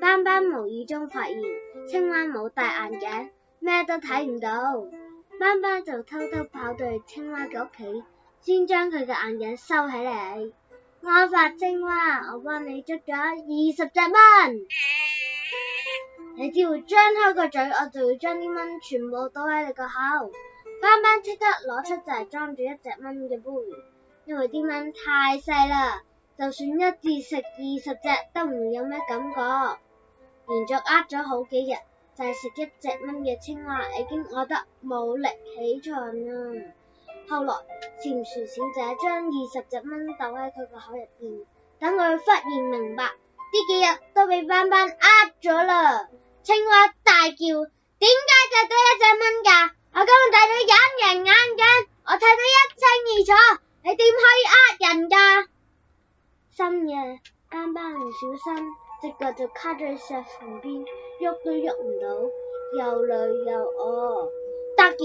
斑斑無意中發現青蛙冇戴眼鏡，咩都睇唔到。斑斑就偷偷跑到去青蛙嘅屋企，先將佢嘅眼鏡收起嚟。我發青蛙，我幫你捉咗二十隻蚊。你只要張開個嘴，我就會將啲蚊全部倒喺你個口。斑斑即刻攞出就係裝住一隻蚊嘅杯，因為啲蚊太細啦，就算一次食二十隻都唔會有咩感覺。連續呃咗好幾日，就係、是、食一隻蚊嘅青蛙，已經餓得冇力起床啦。後來，蟾蜍小姐將二十隻蚊倒喺佢個口入邊，等佢忽然明白，呢幾日都俾斑斑呃咗啦。青蛙大叫：點解就得一隻蚊噶？我今日帶咗隱形眼鏡，我睇得一清二楚，你點可以呃人噶？深夜，斑斑唔小心。隻腳就卡住石上邊，喐都喐唔到，又累又餓。突然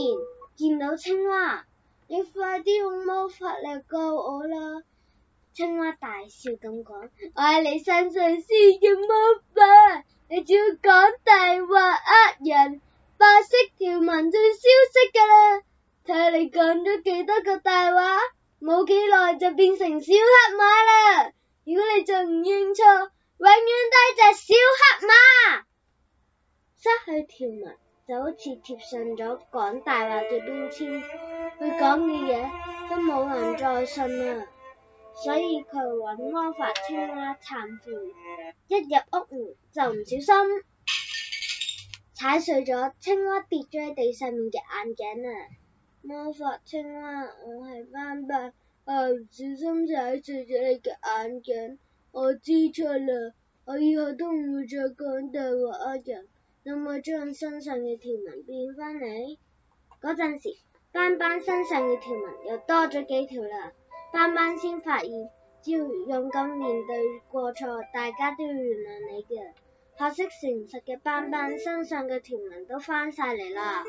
見到青蛙，你快啲用魔法嚟救我啦！青蛙大笑咁講：我喺你身上施緊魔法，你只要講大話呃人，白色條紋消失噶啦！睇你講咗幾多個大話，冇幾耐就變成小黑馬啦！如果你仲唔認錯？佢條紋就好似貼上咗講大話嘅標籤，佢講嘅嘢都冇人再信啦，所以佢搵魔法青蛙懺悔，一入屋就唔小，啊啊、小心踩碎咗青蛙跌咗喺地上面嘅眼鏡啊！魔法青蛙，我係斑笨，我唔小心踩碎咗你嘅眼鏡，我知錯啦，我以後都唔會再講大話啊人。有冇將身上嘅條紋變翻嚟？嗰陣時，斑斑身上嘅條紋又多咗幾條啦。斑斑先發現，只要勇敢面對過錯，大家都要原諒你嘅。學識誠實嘅斑斑，身上嘅條紋都翻晒嚟啦。